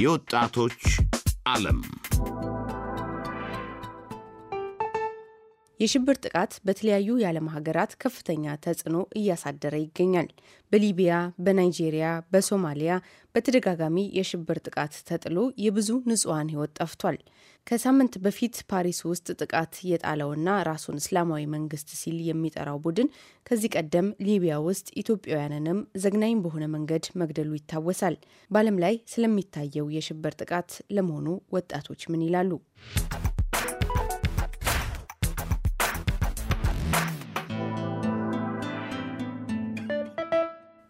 የወጣቶች ዓለም የሽብር ጥቃት በተለያዩ የዓለም ሀገራት ከፍተኛ ተጽዕኖ እያሳደረ ይገኛል። በሊቢያ፣ በናይጄሪያ፣ በሶማሊያ በተደጋጋሚ የሽብር ጥቃት ተጥሎ የብዙ ንጹሐን ሕይወት ጠፍቷል። ከሳምንት በፊት ፓሪስ ውስጥ ጥቃት የጣለውና ራሱን እስላማዊ መንግስት ሲል የሚጠራው ቡድን ከዚህ ቀደም ሊቢያ ውስጥ ኢትዮጵያውያንንም ዘግናኝ በሆነ መንገድ መግደሉ ይታወሳል። በዓለም ላይ ስለሚታየው የሽብር ጥቃት ለመሆኑ ወጣቶች ምን ይላሉ?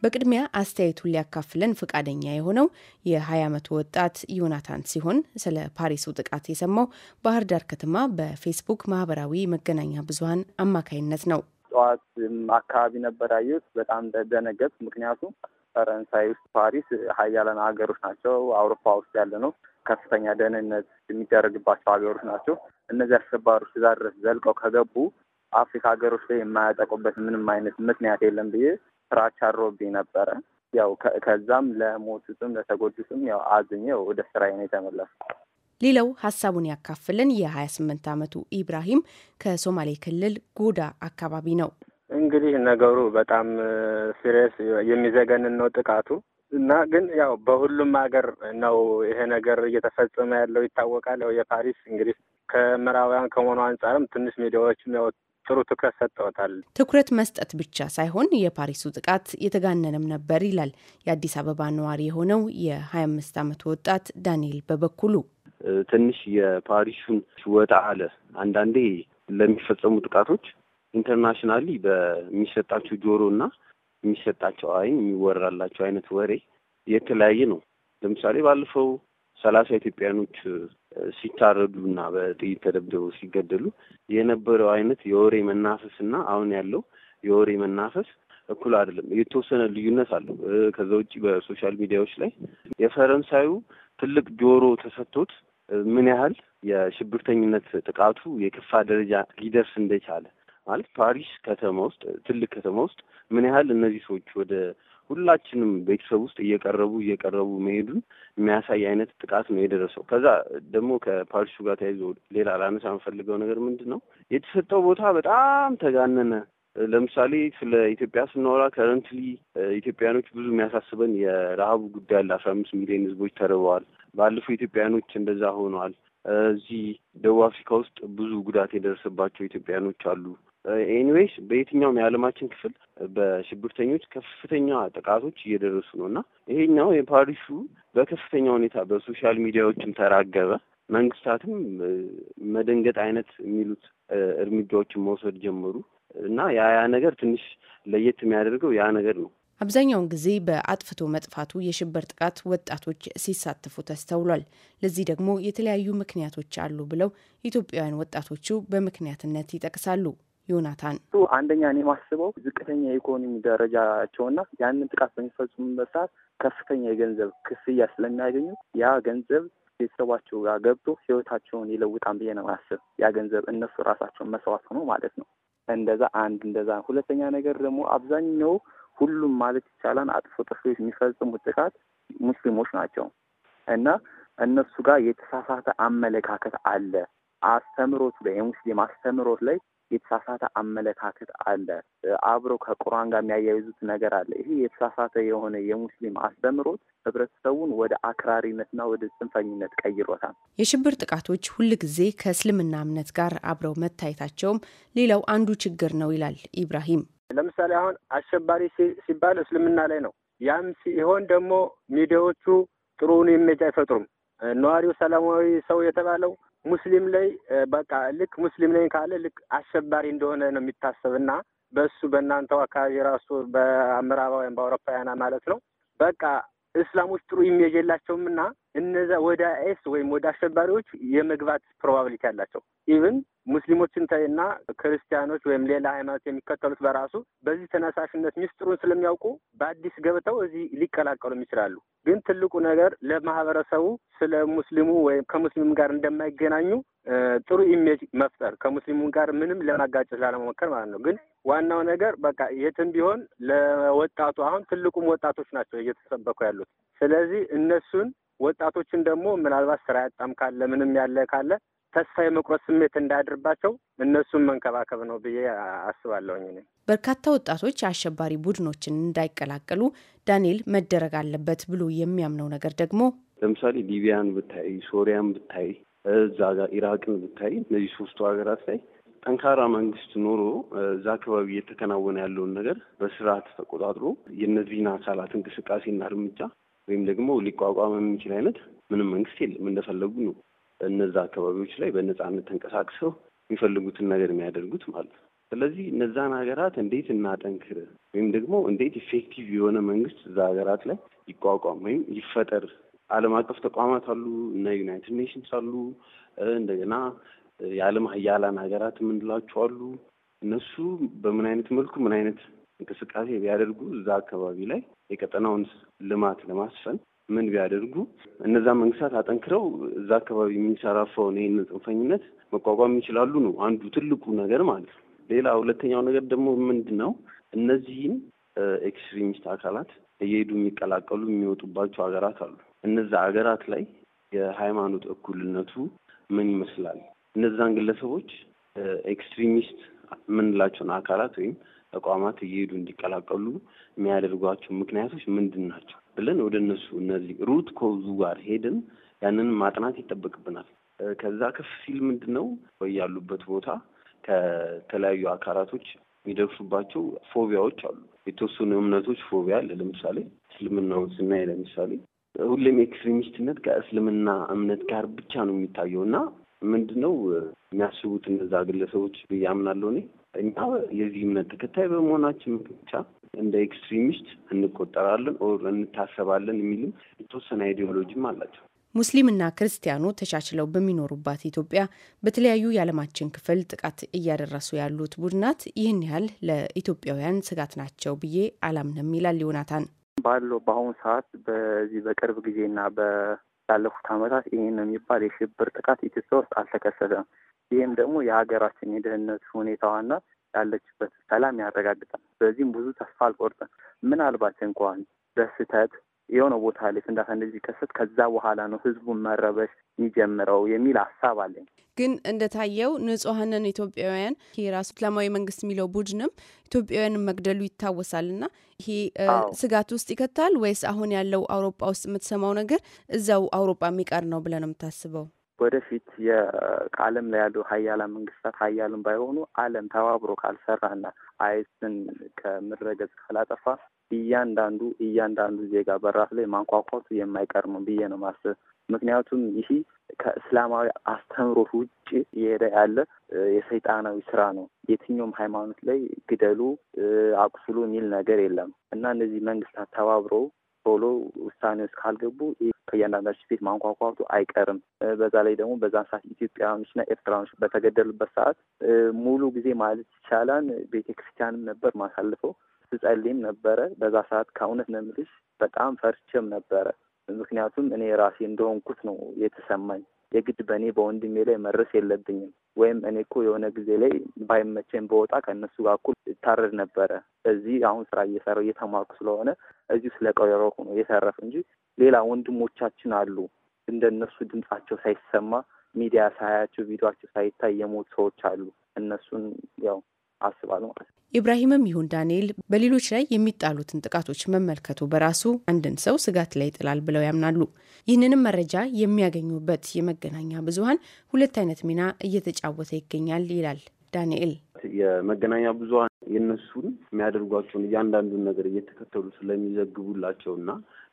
በቅድሚያ አስተያየቱን ሊያካፍለን ፈቃደኛ የሆነው የ20 ዓመቱ ወጣት ዮናታን ሲሆን ስለ ፓሪሱ ጥቃት የሰማው ባህር ዳር ከተማ በፌስቡክ ማህበራዊ መገናኛ ብዙሀን አማካይነት ነው። ጠዋት አካባቢ ነበር ያየሁት። በጣም ደነገጥኩ። ምክንያቱም ፈረንሳይ ውስጥ ፓሪስ ሀያላን ሀገሮች ናቸው። አውሮፓ ውስጥ ያለ ነው። ከፍተኛ ደህንነት የሚደረግባቸው ሀገሮች ናቸው። እነዚህ አሸባሪዎች እዛ ድረስ ዘልቀው ከገቡ አፍሪካ ሀገሮች ላይ የማያጠቁበት ምንም አይነት ምክንያት የለም ብዬ ስራ ቻሮብኝ ነበረ። ያው ከዛም ለሞቱትም ለተጎዱትም ያው አዝኜ ወደ ስራዬ ነው የተመለስኩት። ሌላው ሀሳቡን ያካፍልን የ28 ዓመቱ ኢብራሂም ከሶማሌ ክልል ጎዳ አካባቢ ነው። እንግዲህ ነገሩ በጣም ሲሪየስ የሚዘገንን ነው ጥቃቱ እና ግን ያው በሁሉም ሀገር ነው ይሄ ነገር እየተፈጸመ ያለው ይታወቃል። ያው የፓሪስ እንግዲህ ከምዕራባውያን ከመሆኑ አንጻርም ትንሽ ሚዲያዎችም ያው ጥሩ ትኩረት ሰጥተውታል። ትኩረት መስጠት ብቻ ሳይሆን የፓሪሱ ጥቃት የተጋነነም ነበር ይላል የአዲስ አበባ ነዋሪ የሆነው የ25 ዓመት ወጣት ዳንኤል በበኩሉ ትንሽ የፓሪሱን ወጣ አለ አንዳንዴ ለሚፈጸሙ ጥቃቶች ኢንተርናሽናሊ በሚሰጣቸው ጆሮ እና የሚሰጣቸው አይን የሚወራላቸው አይነት ወሬ የተለያየ ነው። ለምሳሌ ባለፈው ሰላሳ ኢትዮጵያኖች ሲታረዱና በጥይት ተደብድበው ሲገደሉ የነበረው አይነት የወሬ መናፈስ እና አሁን ያለው የወሬ መናፈስ እኩል አይደለም። የተወሰነ ልዩነት አለው። ከዛ ውጭ በሶሻል ሚዲያዎች ላይ የፈረንሳዩ ትልቅ ጆሮ ተሰጥቶት ምን ያህል የሽብርተኝነት ጥቃቱ የከፋ ደረጃ ሊደርስ እንደቻለ ማለት ፓሪስ ከተማ ውስጥ ትልቅ ከተማ ውስጥ ምን ያህል እነዚህ ሰዎች ወደ ሁላችንም ቤተሰብ ውስጥ እየቀረቡ እየቀረቡ መሄዱን የሚያሳይ አይነት ጥቃት ነው የደረሰው። ከዛ ደግሞ ከፓሪሱ ጋር ተያይዞ ሌላ ላነሳ የምፈልገው ነገር ምንድን ነው የተሰጠው ቦታ በጣም ተጋነነ። ለምሳሌ ስለ ኢትዮጵያ ስናወራ ከረንትሊ ኢትዮጵያኖች ብዙ የሚያሳስበን የረሀቡ ጉዳይ አለ። አስራ አምስት ሚሊዮን ህዝቦች ተርበዋል። ባለፈው ኢትዮጵያኖች እንደዛ ሆነዋል። እዚህ ደቡብ አፍሪካ ውስጥ ብዙ ጉዳት የደረሰባቸው ኢትዮጵያኖች አሉ። ኤኒዌይስ በየትኛውም የዓለማችን ክፍል በሽብርተኞች ከፍተኛ ጥቃቶች እየደረሱ ነው እና ይሄኛው የፓሪሱ በከፍተኛ ሁኔታ በሶሻል ሚዲያዎችም ተራገበ። መንግስታትም መደንገጥ አይነት የሚሉት እርምጃዎችን መውሰድ ጀመሩ እና ያ ያ ነገር ትንሽ ለየት የሚያደርገው ያ ነገር ነው። አብዛኛውን ጊዜ በአጥፍቶ መጥፋቱ የሽብር ጥቃት ወጣቶች ሲሳተፉ ተስተውሏል። ለዚህ ደግሞ የተለያዩ ምክንያቶች አሉ ብለው ኢትዮጵያውያን ወጣቶቹ በምክንያትነት ይጠቅሳሉ። ዮናታን አንደኛ እኔ ማስበው ዝቅተኛ የኢኮኖሚ ደረጃቸውና ያንን ጥቃት በሚፈጽሙበት ሰዓት ከፍተኛ የገንዘብ ክፍያ ስለሚያገኙ ያ ገንዘብ ቤተሰባቸው ጋር ገብቶ ህይወታቸውን ይለውጣን ብዬ ነው ማስብ። ያ ገንዘብ እነሱ ራሳቸውን መስዋዕት ሆኖ ማለት ነው። እንደዛ አንድ እንደዛ። ሁለተኛ ነገር ደግሞ አብዛኛው ሁሉም ማለት ይቻላል አጥፎ ጥፎ የሚፈጽሙ ጥቃት ሙስሊሞች ናቸው እና እነሱ ጋር የተሳሳተ አመለካከት አለ። አስተምሮት ላይ የሙስሊም አስተምሮት ላይ የተሳሳተ አመለካከት አለ። አብሮ ከቁርአን ጋር የሚያያይዙት ነገር አለ። ይሄ የተሳሳተ የሆነ የሙስሊም አስተምሮት ህብረተሰቡን ወደ አክራሪነትና ወደ ጽንፈኝነት ቀይሮታል። የሽብር ጥቃቶች ሁልጊዜ ከእስልምና እምነት ጋር አብረው መታየታቸውም ሌላው አንዱ ችግር ነው ይላል ኢብራሂም። ለምሳሌ አሁን አሸባሪ ሲባል እስልምና ላይ ነው። ያም ሲሆን ደግሞ ሚዲያዎቹ ጥሩውን ኢሜጅ አይፈጥሩም። ነዋሪው ሰላማዊ ሰው የተባለው ሙስሊም ላይ በቃ ልክ ሙስሊም ላይ ካለ ልክ አሸባሪ እንደሆነ ነው የሚታሰብና በእሱ በእናንተው አካባቢ ራሱ በምዕራባውያን በአውሮፓውያና ማለት ነው በቃ እስላሞች ጥሩ ኢሜጅ የላቸውም እና እነዛ ወደ አይኤስ ወይም ወደ አሸባሪዎች የመግባት ፕሮባብሊቲ አላቸው። ኢቭን ሙስሊሞችን እና ክርስቲያኖች ወይም ሌላ ሃይማኖት የሚከተሉት በራሱ በዚህ ተነሳሽነት ሚስጥሩን ስለሚያውቁ በአዲስ ገብተው እዚህ ሊቀላቀሉም ይችላሉ። ግን ትልቁ ነገር ለማህበረሰቡ ስለ ሙስሊሙ ወይም ከሙስሊሙ ጋር እንደማይገናኙ ጥሩ ኢሜጅ መፍጠር ከሙስሊሙ ጋር ምንም ለማጋጨት ላለመሞከር ማለት ነው። ግን ዋናው ነገር በቃ የትም ቢሆን ለወጣቱ አሁን ትልቁም ወጣቶች ናቸው እየተሰበኩ ያሉት። ስለዚህ እነሱን ወጣቶችን ደግሞ ምናልባት ስራ ያጣም ካለ ምንም ያለ ካለ ተስፋ የመቁረጥ ስሜት እንዳያድርባቸው እነሱን መንከባከብ ነው ብዬ አስባለሁኝ። በርካታ ወጣቶች አሸባሪ ቡድኖችን እንዳይቀላቀሉ ዳንኤል መደረግ አለበት ብሎ የሚያምነው ነገር ደግሞ ለምሳሌ ሊቢያን ብታይ፣ ሶሪያን ብታይ፣ እዛ ጋር ኢራቅን ብታይ እነዚህ ሶስቱ ሀገራት ላይ ጠንካራ መንግስት ኖሮ እዛ አካባቢ እየተከናወነ ያለውን ነገር በስርዓት ተቆጣጥሮ የእነዚህን አካላት እንቅስቃሴና እርምጃ ወይም ደግሞ ሊቋቋም የሚችል አይነት ምንም መንግስት የለም። እንደፈለጉ ነው እነዛ አካባቢዎች ላይ በነጻነት ተንቀሳቅሰው የሚፈልጉትን ነገር የሚያደርጉት ማለት ነው። ስለዚህ እነዛን ሀገራት እንዴት እናጠንክር ወይም ደግሞ እንዴት ኢፌክቲቭ የሆነ መንግስት እዛ ሀገራት ላይ ይቋቋም ወይም ይፈጠር። ዓለም አቀፍ ተቋማት አሉ፣ እነ ዩናይትድ ኔሽንስ አሉ፣ እንደገና የዓለም ሀያላን ሀገራት የምንላቸው አሉ። እነሱ በምን አይነት መልኩ ምን አይነት እንቅስቃሴ ቢያደርጉ እዛ አካባቢ ላይ የቀጠናውን ልማት ለማስፈን ምን ቢያደርጉ እነዛ መንግስታት አጠንክረው እዛ አካባቢ የሚንሰራፋውን ይህን ጽንፈኝነት መቋቋም ይችላሉ ነው አንዱ ትልቁ ነገር ማለት ነው። ሌላ ሁለተኛው ነገር ደግሞ ምንድን ነው እነዚህን ኤክስትሪሚስት አካላት እየሄዱ የሚቀላቀሉ የሚወጡባቸው ሀገራት አሉ። እነዛ ሀገራት ላይ የሃይማኖት እኩልነቱ ምን ይመስላል? እነዛን ግለሰቦች ኤክስትሪሚስት የምንላቸውን አካላት ወይም ተቋማት እየሄዱ እንዲቀላቀሉ የሚያደርጓቸው ምክንያቶች ምንድን ናቸው ብለን ወደ እነሱ እነዚህ ሩት ኮዙ ጋር ሄደን ያንን ማጥናት ይጠበቅብናል። ከዛ ከፍ ሲል ምንድን ነው ያሉበት ቦታ ከተለያዩ አካላቶች የሚደርሱባቸው ፎቢያዎች አሉ። የተወሰኑ እምነቶች ፎቢያ አለ። ለምሳሌ እስልምናውን ስናይ ለምሳሌ ሁሌም ኤክስትሪሚስትነት ከእስልምና እምነት ጋር ብቻ ነው የሚታየው እና ምንድን ነው የሚያስቡት እነዛ ግለሰቦች ብዬ አምናለሁ። እኔ እኛ የዚህ እምነት ተከታይ በመሆናችን ብቻ እንደ ኤክስትሪሚስት እንቆጠራለን ኦር እንታሰባለን የሚልም የተወሰነ አይዲዮሎጂም አላቸው። ሙስሊምና ክርስቲያኑ ተቻችለው በሚኖሩባት ኢትዮጵያ በተለያዩ የዓለማችን ክፍል ጥቃት እያደረሱ ያሉት ቡድናት ይህን ያህል ለኢትዮጵያውያን ስጋት ናቸው ብዬ አላምንም ይላል ዮናታን ባለው በአሁኑ ሰዓት በዚህ በቅርብ ጊዜና ላለፉት ዓመታት ይህን የሚባል የሽብር ጥቃት ኢትዮጵያ ውስጥ አልተከሰተም። ይህም ደግሞ የሀገራችን የደህንነት ሁኔታዋና ያለችበት ሰላም ያረጋግጣል። በዚህም ብዙ ተስፋ አልቆርጥም። ምናልባት እንኳን በስህተት የሆነ ቦታ ላይ ፍንዳታ እንደዚህ ከሰት ከዛ በኋላ ነው ህዝቡን መረበሽ የሚጀምረው የሚል ሀሳብ አለኝ። ግን እንደታየው ንጹሐንን ኢትዮጵያውያን ይሄ ራሱ እስላማዊ መንግስት የሚለው ቡድንም ኢትዮጵያውያን መግደሉ ይታወሳል እና ይሄ ስጋት ውስጥ ይከታል ወይስ አሁን ያለው አውሮፓ ውስጥ የምትሰማው ነገር እዛው አውሮፓ የሚቀር ነው ብለህ ነው የምታስበው? ወደፊት የዓለም ላይ ያሉ ሀያላን መንግስታት ሀያልም ባይሆኑ ዓለም ተባብሮ ካልሰራና አይስን ከምድረገጽ ካላጠፋ እያንዳንዱ እያንዳንዱ ዜጋ በራፍ ላይ ማንኳኳቱ የማይቀር ነው ብዬ ነው ማስብ። ምክንያቱም ይህ ከእስላማዊ አስተምሮት ውጭ እየሄደ ያለ የሰይጣናዊ ስራ ነው። የትኛውም ሃይማኖት ላይ ግደሉ፣ አቁስሉ የሚል ነገር የለም እና እነዚህ መንግስታት ተባብረው ቶሎ ውሳኔ ውስጥ ካልገቡ ከእያንዳንዳችን ቤት ማንኳኳቱ አይቀርም። በዛ ላይ ደግሞ በዛን ሰዓት ኢትዮጵያኖችና ኤርትራኖች በተገደሉበት ሰዓት ሙሉ ጊዜ ማለት ይቻላል ቤተክርስቲያንም ነበር ማሳልፈው ስጸልይም ነበረ። በዛ ሰዓት ከእውነት ነው የምልሽ በጣም ፈርቼም ነበረ። ምክንያቱም እኔ ራሴ እንደሆንኩት ነው የተሰማኝ። የግድ በእኔ በወንድሜ ላይ መድረስ የለብኝም ወይም እኔ እኮ የሆነ ጊዜ ላይ ባይመቸኝ በወጣ ከእነሱ ጋር እኩል እታረድ ነበረ። እዚህ አሁን ስራ እየሰራሁ እየተማርኩ ስለሆነ እዚሁ ስለ ነው የተረፍ እንጂ ሌላ ወንድሞቻችን አሉ እንደ እነሱ ድምጻቸው ሳይሰማ ሚዲያ ሳያቸው ቪዲዮቸው ሳይታይ የሞቱ ሰዎች አሉ። እነሱን ያው አስባለሁ ማለት ነው። ኢብራሂምም ይሁን ዳንኤል በሌሎች ላይ የሚጣሉትን ጥቃቶች መመልከቱ በራሱ አንድን ሰው ስጋት ላይ ይጥላል ብለው ያምናሉ። ይህንንም መረጃ የሚያገኙበት የመገናኛ ብዙሀን ሁለት አይነት ሚና እየተጫወተ ይገኛል ይላል ዳንኤል። የመገናኛ ብዙሀን የነሱን የሚያደርጓቸውን እያንዳንዱን ነገር እየተከተሉ ስለሚዘግቡላቸውና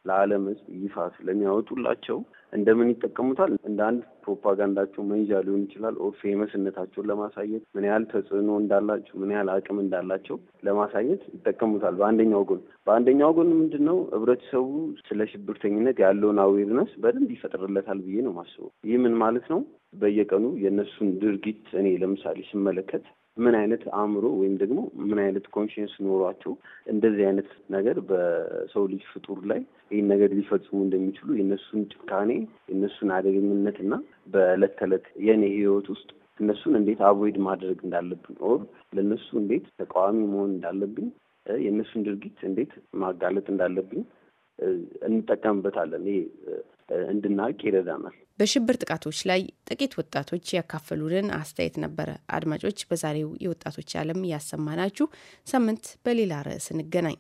ለዓለም ሕዝብ ይፋ ስለሚያወጡላቸው እንደምን ይጠቀሙታል? እንደ አንድ ፕሮፓጋንዳቸው መንዣ ሊሆን ይችላል። ኦር ፌመስነታቸውን ለማሳየት ምን ያህል ተጽዕኖ እንዳላቸው፣ ምን ያህል አቅም እንዳላቸው ለማሳየት ይጠቀሙታል። በአንደኛው ጎን በአንደኛው ጎን ምንድን ነው ህብረተሰቡ ስለ ሽብርተኝነት ያለውን አዌርነስ በደንብ ይፈጥርለታል ብዬ ነው ማስበው። ይህ ምን ማለት ነው? በየቀኑ የእነሱን ድርጊት እኔ ለምሳሌ ስመለከት ምን አይነት አእምሮ ወይም ደግሞ ምን አይነት ኮንሽንስ ኖሯቸው እንደዚህ አይነት ነገር በሰው ልጅ ፍጡር ላይ ይህን ነገር ሊፈጽሙ እንደሚችሉ የእነሱን ጭካኔ የእነሱን አደገኝነት እና በዕለት ተዕለት የእኔ ህይወት ውስጥ እነሱን እንዴት አቮይድ ማድረግ እንዳለብኝ ኦር ለእነሱ እንዴት ተቃዋሚ መሆን እንዳለብኝ የእነሱን ድርጊት እንዴት ማጋለጥ እንዳለብኝ እንጠቀምበታለን። ይሄ እንድናውቅ ይረዳናል። በሽብር ጥቃቶች ላይ ጥቂት ወጣቶች ያካፈሉልን አስተያየት ነበረ። አድማጮች፣ በዛሬው የወጣቶች ዓለም ያሰማናችሁ። ሳምንት በሌላ ርዕስ እንገናኝ።